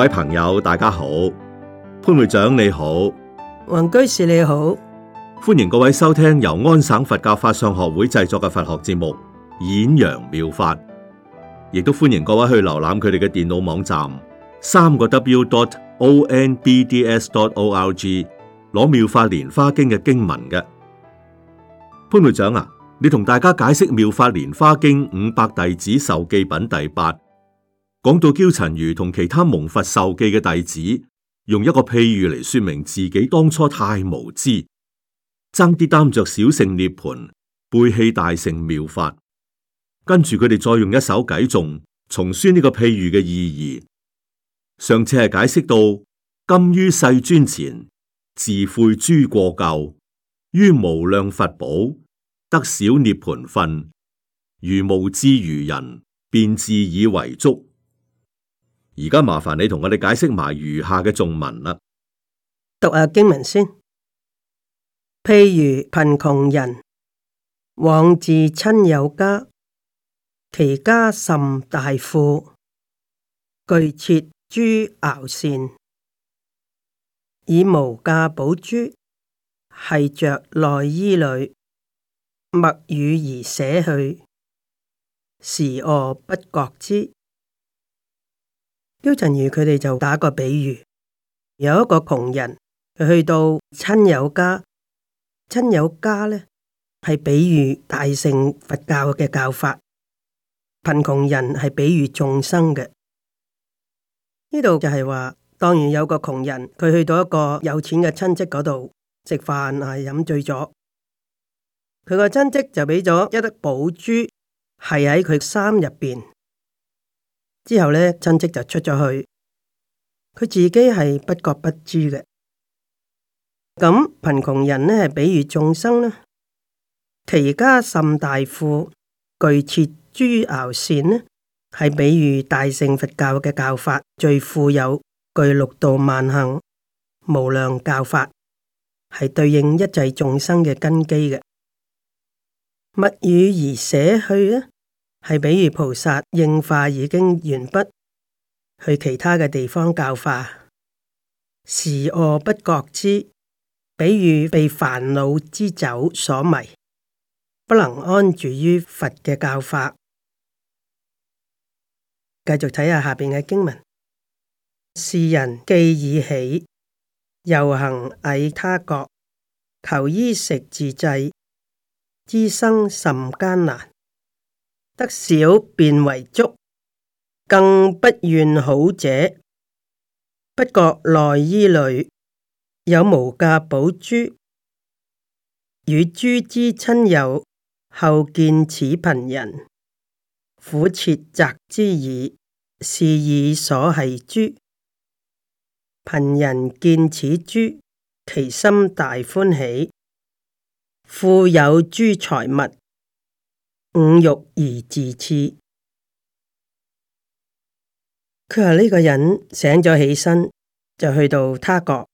各位朋友，大家好，潘會長你好，王居士你好，歡迎各位收聽由安省佛教法相學會製作嘅佛學節目《演陽妙法》，亦都歡迎各位去瀏覽佢哋嘅電腦網站三個 w.dot.o.n.b.d.s.dot.o.l.g，攞妙法蓮花經嘅經文嘅。潘會長啊，你同大家解釋妙法蓮花經五百弟子受記品第八。講到憍陳如同其他蒙佛受記嘅弟子，用一個譬喻嚟說明自己當初太無知，爭啲擔着小乘涅盤，背棄大乘妙法。跟住佢哋再用一首偈頌重宣呢個譬喻嘅意義。上次係解釋到，今於世尊前，自悔諸過咎，於無量佛寶得小涅盤分，如無知愚人，便自以為足。而家麻煩你同我哋解釋埋餘下嘅眾文啦，讀下經文先。譬如貧窮人，往至親友家，其家甚大富，具設諸肴饍，以無價寶珠，繫着內衣裏，默與而捨去，時臥不覺之。憍陳如佢哋就打個比喻，有一個窮人佢去到親友家，親友家呢，係比喻大乘佛教嘅教法，貧窮人係比喻眾生嘅。呢度就係話，當然有個窮人佢去到一個有錢嘅親戚嗰度食飯係飲醉咗，佢個親戚就俾咗一粒寶珠，係喺佢衫入邊。之後咧，親戚就出咗去，佢自己係不覺不知嘅。咁貧窮人咧，係比喻眾生啦，其家甚大富，具設諸肴饍呢，係比喻大乘佛教嘅教法最富有，具六度萬行無量教法，係對應一切眾生嘅根基嘅，默與而捨去啦。係，是比如菩薩應化已經完畢，去其他嘅地方教化，時惡不覺知。比如被煩惱之酒所迷，不能安住於佛嘅教化。繼續睇下下邊嘅經文：是人既已起，遊行詣他國，求衣食自濟，資生甚艱難。得少便為足，更不願好者。不覺內衣裏有無價寶珠，與珠之親友後見此貧人，苦切責之矣。示以所繫珠，貧人見此珠，其心大歡喜，富有諸財物。五欲而自痴，佢話呢個人醒咗起身，就去到他國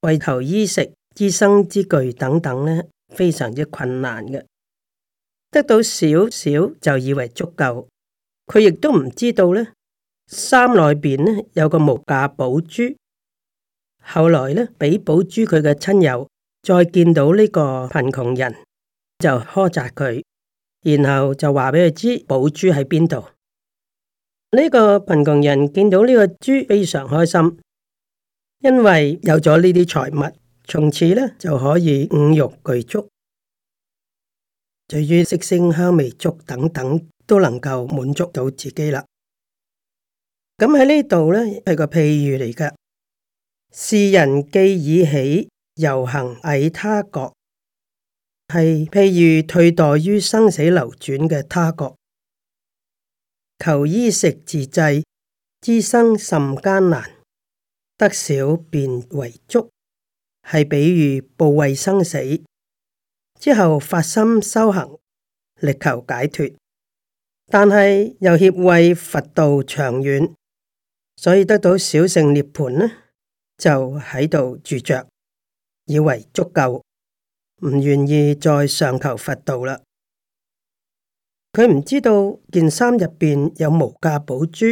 為求衣食、衣生之具等等呢，非常之困難嘅。得到少少就以為足夠，佢亦都唔知道呢，衫內邊咧有個無價寶珠。後來呢，畀寶珠佢嘅親友再見到呢個貧窮人，就苛責佢。然後就話畀佢知寶珠喺邊度。呢、這個貧窮人見到呢個珠非常開心，因為有咗呢啲財物，從此咧就可以五欲俱足，隨住色聲香味觸等等都能夠滿足到自己啦。咁喺呢度咧係個譬喻嚟噶，是人既已起，遊行喺他國。係譬如退墮於生死流轉嘅他國，求衣食自濟，資生甚艱難，得少便為足，係比喻怖畏生死之後發心修行，力求解脱，但係又怯畏佛道長遠，所以得到小乘涅盤呢，就喺度住着，以為足夠。唔願意再上求佛道啦。佢唔知道件衫入邊有無價寶珠，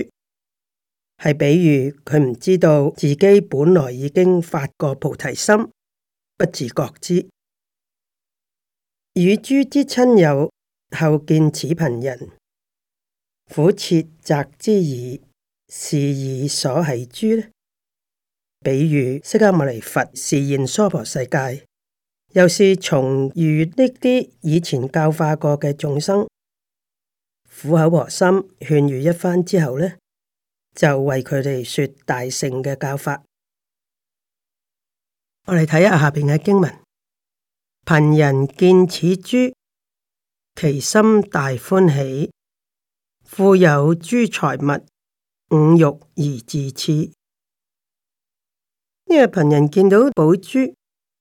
係比喻佢唔知道自己本來已經發過菩提心，不自覺知與之與諸之親友後見此貧人，苦切責之矣。是以所繫珠呢，比喻釋迦牟尼佛示現娑婆世界。又是從如呢啲以前教化過嘅眾生，苦口婆心，勸喻一番之後咧，就為佢哋說大乘嘅教法。我哋睇一下下邊嘅經文：貧人見此珠，其心大歡喜；富有諸財物，五欲而自恣。呢個貧人見到寶珠。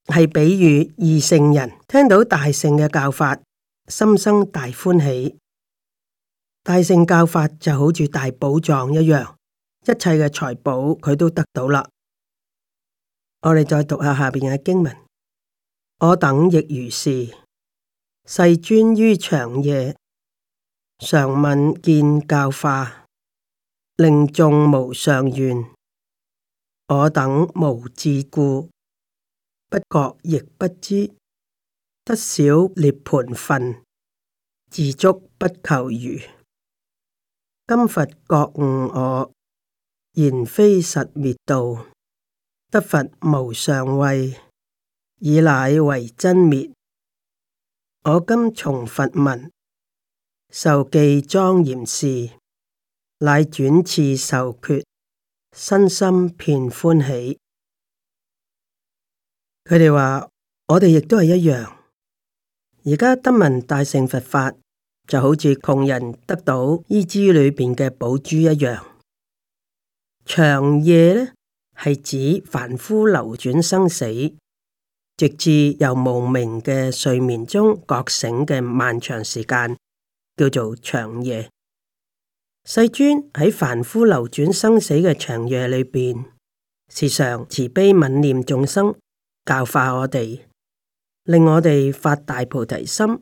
係比喻二乘人聽到大聖嘅教法，心生大歡喜。大聖教法就好似大寶藏一樣，一切嘅財寶佢都得到啦。我哋再讀下下面嘅經文：我等亦如是，世尊於長夜常愍，見教化，令眾無上願。我等無智故。不覺亦不知，得少涅槃分，自足不求餘。今佛覺悟我，言非實滅道，得佛無上慧，以乃為真滅。我今從佛聞，受記莊嚴事，乃轉次受決，身心遍歡喜。佢哋話：我哋亦都係一樣。而家得聞「大乘佛法，就好似窮人得到衣珠裏邊嘅寶珠一樣。長夜咧，係指凡夫流轉生死，直至由無明嘅睡眠中覺醒嘅漫長時間，叫做長夜。世尊喺凡夫流轉生死嘅長夜裏邊，時常慈悲憫念眾生。教化我哋，令我哋發大菩提心，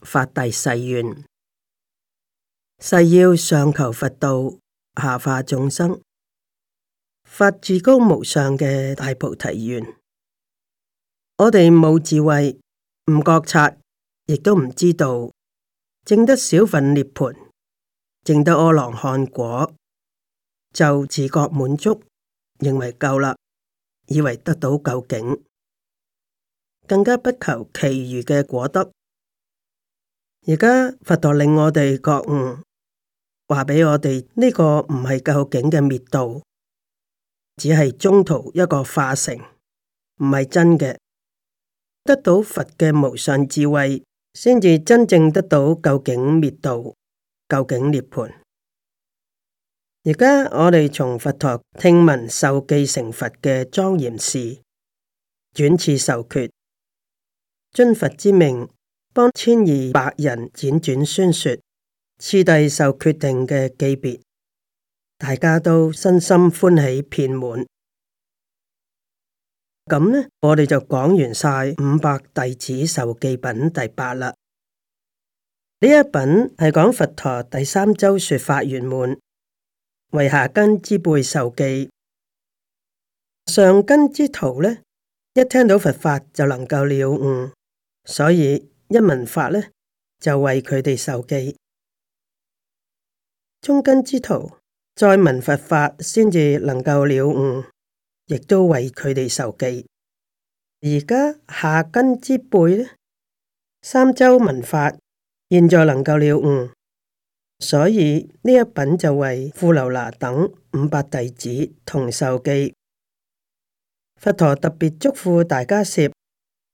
發大誓願，誓要上求佛道，下化眾生，發至高無上嘅大菩提願。我哋冇智慧，唔覺察，亦都唔知道，淨得少分涅槃，淨得阿羅漢果，就自覺滿足，認為夠啦，以為得到究竟。更加不求其餘嘅果德。而家佛陀令我哋覺悟，話俾我哋呢、這個唔係究竟嘅滅度，只係中途一個化成，唔係真嘅。得到佛嘅無上智慧，先至真正得到究竟滅度、究竟涅槃。」而家我哋從佛陀聽聞受記成佛嘅莊嚴事，轉次受決。尊佛之名，幫千二百人輾轉宣說，次第受決定嘅記別，大家都身心歡喜遍滿。咁呢，我哋就講完晒五百弟子受記品第八啦。呢一品係講佛陀第三周說法圓滿，為下根之輩受記，上根之徒呢，一聽到佛法就能夠了悟。所以一聞法呢，就為佢哋受記；中根之徒再聞佛法，先至能夠了悟，亦都為佢哋受記。而家下根之輩呢，三周聞法，現在能夠了悟，所以呢一品就為富樓那等五百弟子同受記。佛陀特別囑咐大家說。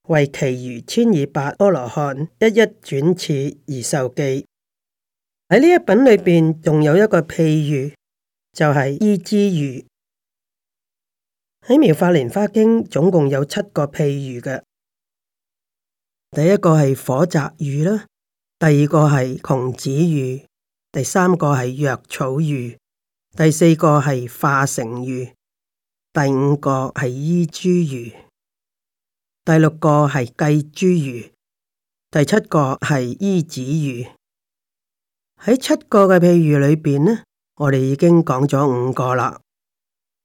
為其餘千二百阿羅漢一一轉此而受記。喺呢一品裏邊仲有一個譬喻，就係衣珠喻。喺妙法蓮華經總共有七個譬喻嘅。第一個係火宅喻啦，第二個係窮子喻，第三個係藥草喻，第四個係化城喻，第五個係衣珠喻。第六個係髻珠喻，第七個係醫子喻。喺七個嘅譬喻裏面呢，我哋已經講咗五個啦。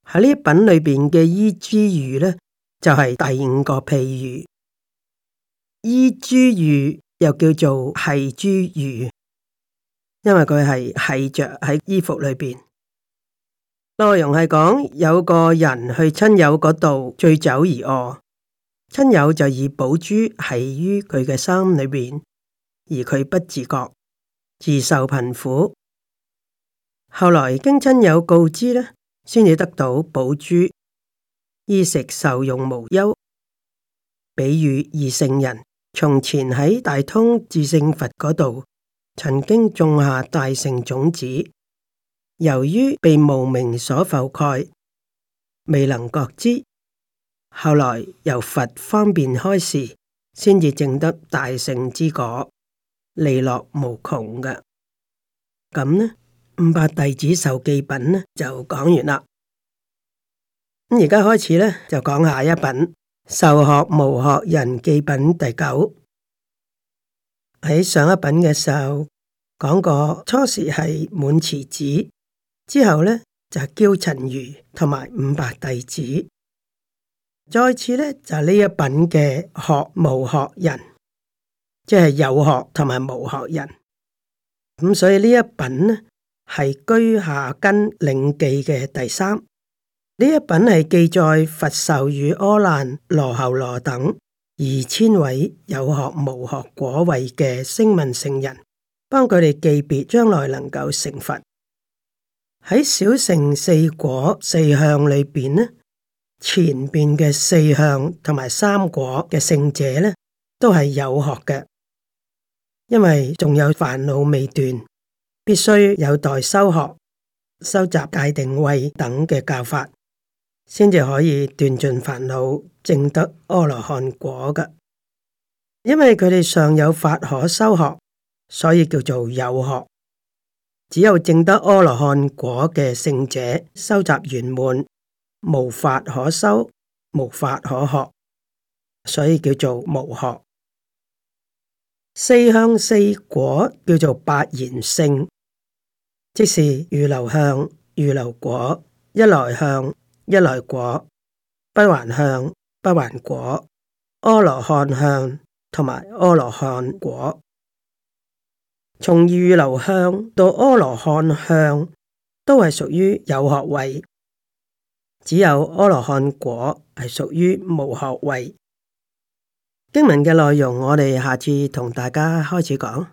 喺呢一品裏面嘅衣珠喻呢，就係、是、第五個譬喻。衣珠喻又叫做繫珠喻，因為佢係繫着喺衣服裏面。內容係講有個人去親友嗰度醉酒而臥。親友就以寶珠繫於佢嘅心裏邊，而佢不自覺自受貧苦。後來經親友告知咧，先至得到寶珠，衣食受用無憂。比喻二乘人從前喺大通智勝佛嗰度，曾經種下大乘種子，由於被無明所覆蓋，未能覺知。後來由佛方便開示，先至證得大聖之果，利樂無窮嘅。咁呢五百弟子受記品呢就講完啦。咁而家開始呢就講下一品授學無學人記品第九。喺上一品嘅時候講過，初時係滿慈子，之後呢就係憍陳如同埋五百弟子。再次呢，就呢、是、一品嘅學無學人，即係有學同埋無學人。咁、嗯、所以呢一品呢係居下根領記嘅第三。呢一品係記載佛授與阿難、羅喉羅等二千位有學無學果位嘅聲聞聖人，幫佢哋記別將來能夠成佛。喺小乘四果四向裏邊呢，前邊嘅四向同埋三果嘅聖者呢，都係有學嘅，因為仲有煩惱未斷，必須有待修學、收集戒定慧等嘅教法，先至可以斷盡煩惱，證得阿羅漢果嘅。因為佢哋尚有法可修學，所以叫做有學。只有證得阿羅漢果嘅聖者，收集圓滿。無法可修，無法可學，所以叫做無學。四向四果叫做八賢聖，即是預流向、預流果，一來向、一來果，不還向、不還果，阿羅漢向同埋阿羅漢果。從預流向到阿羅漢向，都係屬於有學位。只有阿羅漢果係屬於無學位。經文嘅內容，我哋下次同大家開始講。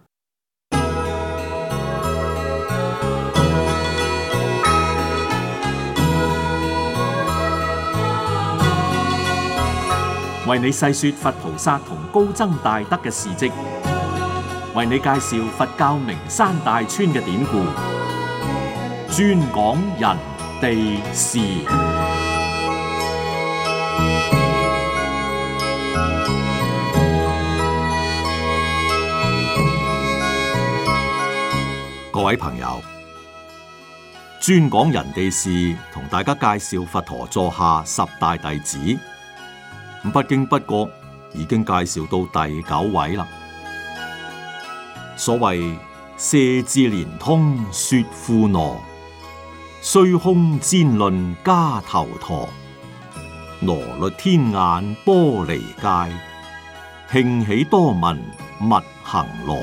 為你細說佛菩薩同高僧大德嘅事跡，為你介紹佛教名山大川嘅典故，專講人。地事，各位朋友，專講人地事，同大家介紹佛陀座下十大弟子。不經不覺，已經介紹到第九位啦。所謂舍智連通說富羅。雖空千論加頭陀，羅律天眼波離戒，慶喜多聞密行羅。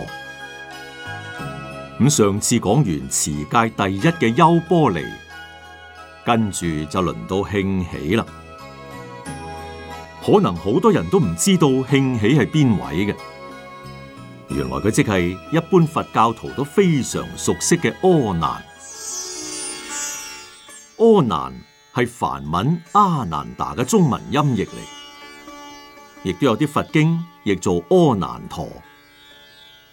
咁上次講完持戒第一嘅優波離，跟住就輪到慶喜啦。可能好多人都唔知道慶喜係邊位嘅，原來佢即係一般佛教徒都非常熟悉嘅阿難。「阿難係梵文阿難達嘅中文音譯嚟，亦都有啲佛經譯做阿難陀，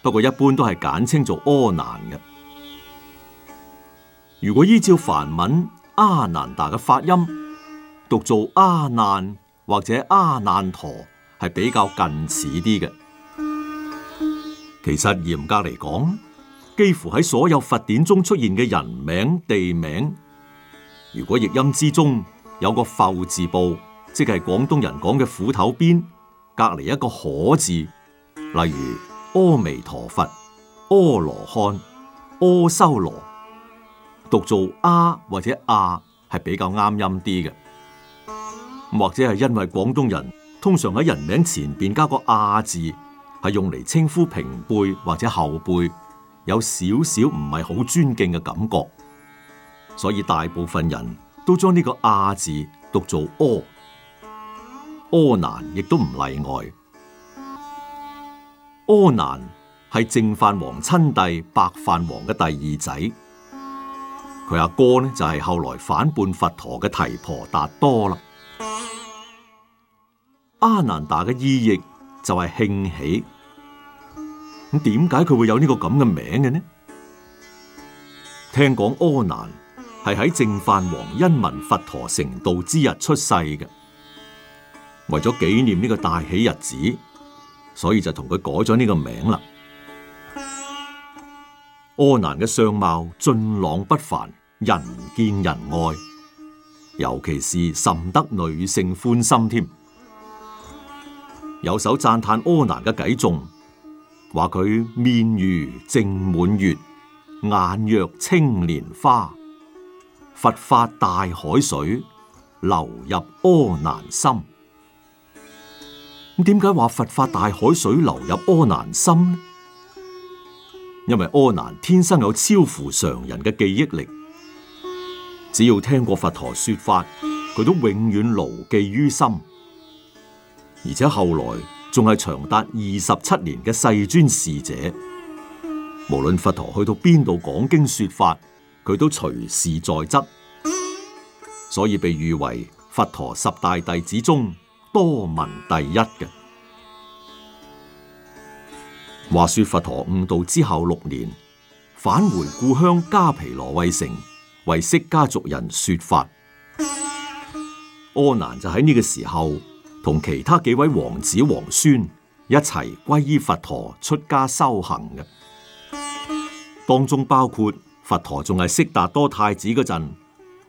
不過一般都係簡稱做阿難嘅。如果依照梵文阿難達嘅發音，讀做阿難或者阿難陀係比較近似啲嘅。其實嚴格嚟講，幾乎喺所有佛典中出現嘅人名、地名。如果譯音之中有個阜字部，即係廣東人講嘅斧頭邊，隔籬一個可字，例如阿彌陀佛、阿羅漢、阿修羅，讀做阿或者亞係比較啱音啲嘅，或者係因為廣東人通常喺人名前邊加個亞字，係用嚟稱呼平輩或者後輩，有少少唔係好尊敬嘅感覺。所以大部分人都將呢個阿字讀做「柯」。阿難亦都唔例外。阿難係淨飯王親弟，白飯王嘅第二仔。佢阿哥呢，就係後來反叛佛陀嘅提婆達多啦。阿難達嘅意義就係興起。咁點解佢會有呢個咁嘅名嘅呢？聽講阿難，係喺淨飯王因聞佛陀成道之日出世嘅，為咗紀念呢個大喜日子，所以就同佢改咗呢個名啦。阿 難嘅相貌俊朗不凡，人見人愛，尤其是甚得女性歡心添。有首讚嘆阿難嘅偈頌，話佢面如淨滿月，眼若青蓮花。佛法大海水流入阿難心，咁點解話佛法大海水流入阿難心呢？因為阿難天生有超乎常人嘅記憶力，只要聽過佛陀說法，佢都永遠牢記於心，而且後來仲係長達二十七年嘅世尊侍者，無論佛陀去到邊度講經說法。佢都隨時在側，所以被譽為佛陀十大弟子中多聞第一嘅。話說佛陀悟道之後六年，返回故鄉加皮羅衛城為釋迦族人說法。阿難就喺呢個時候同其他幾位王子皇孫一齊歸依佛陀出家修行嘅，當中包括。佛陀仲係悉達多太子嗰陣，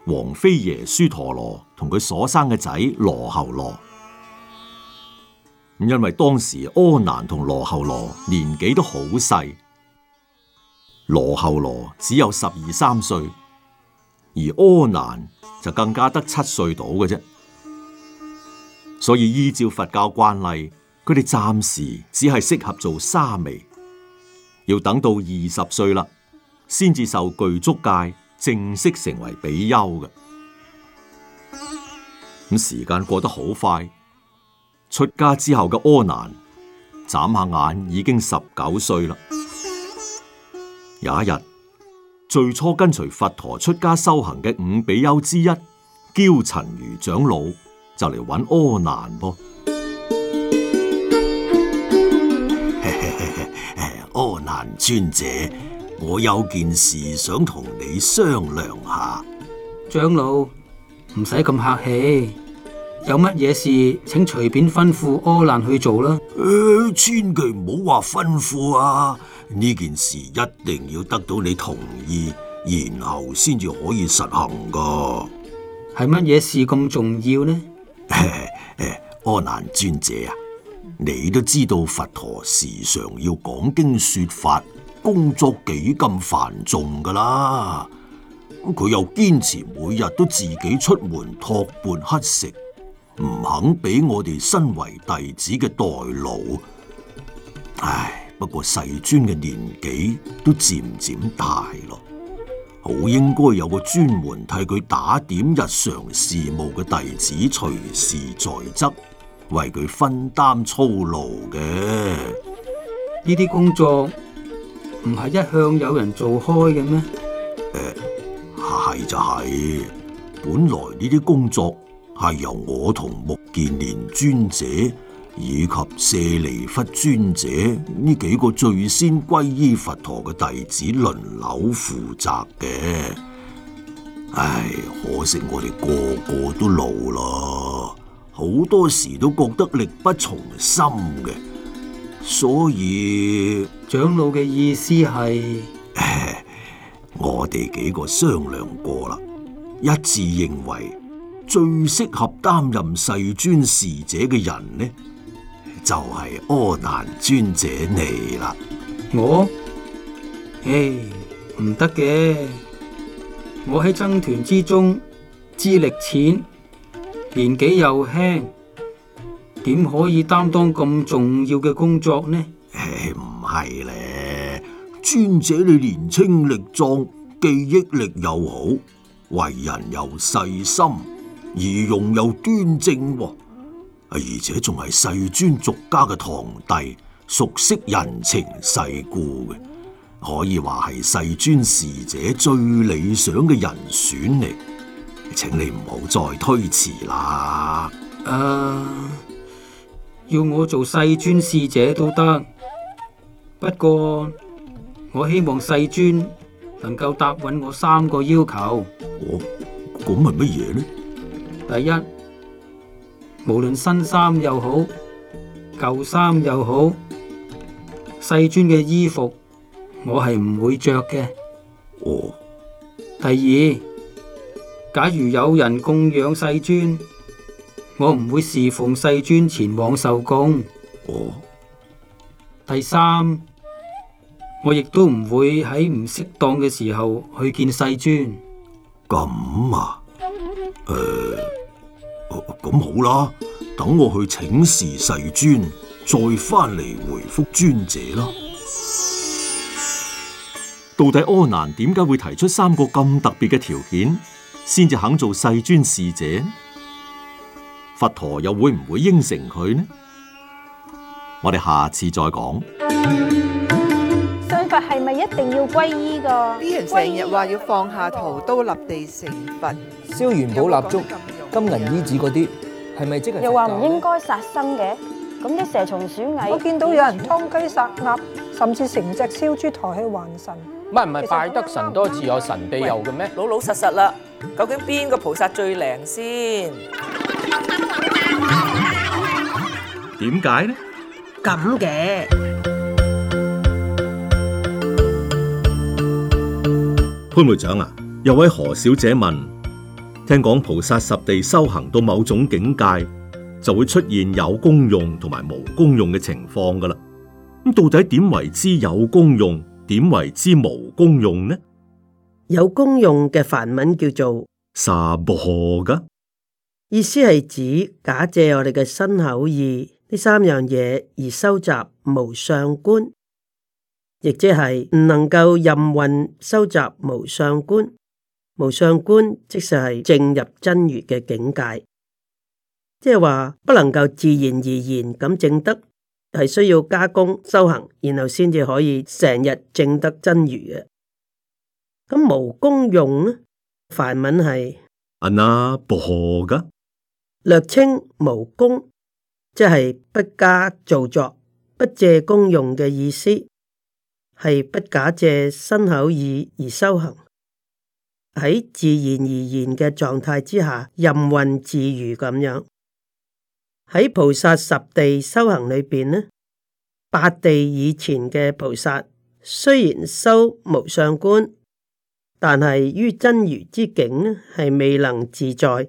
王妃耶輸陀羅同佢所生嘅仔羅睺羅。因為當時阿難同羅睺羅年紀都好細，羅睺羅只有十二三歲，而阿難就更加得七歲到嘅啫。所以依照佛教慣例，佢哋暫時只係適合做沙彌，要等到二十歲啦。先至受具足戒，正式成為比丘嘅。咁時間過得好快，出家之後嘅阿難眨下眼已經十九歲啦。有一日，最初跟隨佛陀出家修行嘅五比丘之一，憍陳如長老就嚟揾阿難噃。阿難尊者，我有件事想同你商量下。長老唔使咁客氣，有乜嘢事請隨便吩咐阿難去做啦。誒、欸，千祈唔好話吩咐啊！呢件事一定要得到你同意，然後先至可以實行噶係乜嘢事咁重要呢？ 阿難尊者啊，你都知道佛陀時常要講經說法。工作幾咁繁重㗎啦，佢又堅持每日都自己出門托缽乞食，唔肯俾我哋身為弟子嘅代勞。唉，不過世尊嘅年紀都漸漸大咯，好應該有個專門替佢打點日常事務嘅弟子隨時在側，為佢分擔操勞嘅呢啲工作。唔係一向有人做開嘅咩？誒、呃，係就係、是，本來呢啲工作係由我同目犍連尊者以及舍利弗尊者呢幾個最先皈依佛陀嘅弟子輪流負責嘅。唉，可惜我哋個個都老啦，好多時都覺得力不從心嘅。所以長老嘅意思係， 我哋幾個商量過啦，一致認為最適合擔任世尊侍者嘅人呢，就係、是、阿難尊者你啦、hey,。我，唉，唔得嘅，我喺僧團之中資歷淺，年紀又輕。點可以擔當咁重要嘅工作呢？唔係咧，尊者你年輕力壯，記憶力又好，為人又細心，儀容又端正，啊、而且仲係世尊俗家嘅堂弟，熟悉人情世故嘅，可以話係世尊侍者最理想嘅人選嚟，請你唔好再推辭啦。呃、uh。要我做世尊侍者都得，不過我希望世尊能夠答允我三個要求。哦，咁係乜嘢呢？第一，無論新衫又好，舊衫又好，世尊嘅衣服我係唔會着嘅。哦。第二，假如有人供養世尊。我唔會侍奉世尊前往受供。哦、第三，我亦都唔會喺唔適當嘅時候去見世尊。咁啊？誒、呃、咁、啊、好啦，等我去請示世尊，再翻嚟回覆尊者啦。到底阿難點解會提出三個咁特別嘅條件，先至肯做世尊侍者？佛陀又會唔會應承佢呢？我哋下次再講。信佛係咪一定要皈依噶？啲人成日話要放下屠刀，立地成佛，燒元寶蠟燭、金銀衣紙嗰啲，係咪即係？又話唔應該殺生嘅，咁啲蛇蟲鼠蟻，我見到有人劏雞殺鴨，甚至成隻燒豬抬去還神。唔係唔係，拜得神多自有神庇佑嘅咩？老老實實啦，究竟邊個菩薩最靈先？點解呢？咁嘅，潘會長啊，有位何小姐問：聽講菩薩十地修行到某種境界，就會出現有功用同埋無功用嘅情況噶啦。咁到底點為之有功用？點為之無功用呢？有功用嘅梵文叫做薩婆噶。意思係指假借我哋嘅身口意呢三樣嘢而收集無相觀，亦即係唔能夠任運收集無相觀。無相觀即係正入真如嘅境界，即係話不能夠自然而然咁正得，係需要加功修行，然後先至可以成日正得真如嘅。咁無功用呢？梵文係阿那婆訶㗎。略稱無功，即係不加造作，不借功用嘅意思，係不假借身口意而修行，喺自然而然嘅狀態之下，任運自如咁樣。喺菩薩十地修行裏邊呢，八地以前嘅菩薩雖然修無相觀，但係於真如之境呢，係未能自在。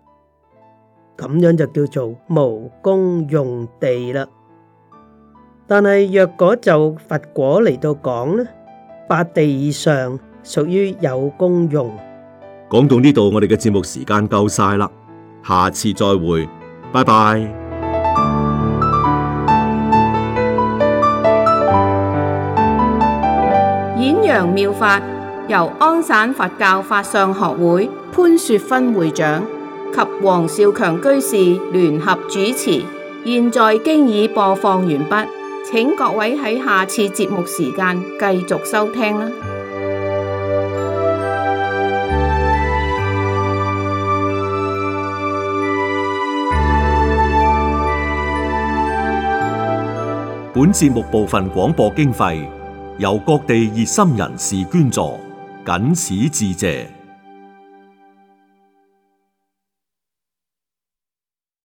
咁樣就叫做無功用地啦。但係若果就佛果嚟到講咧，八地以上屬於有功用。講到呢度，我哋嘅節目時間夠晒啦，下次再會，拜拜。演揚妙法由安省佛教法相學會潘雪芬會長。及王少強居士聯合主持，現在經已播放完畢，請各位喺下次節目時間繼續收聽啦。本節目部分廣播經費由各地熱心人士捐助，謹此致謝。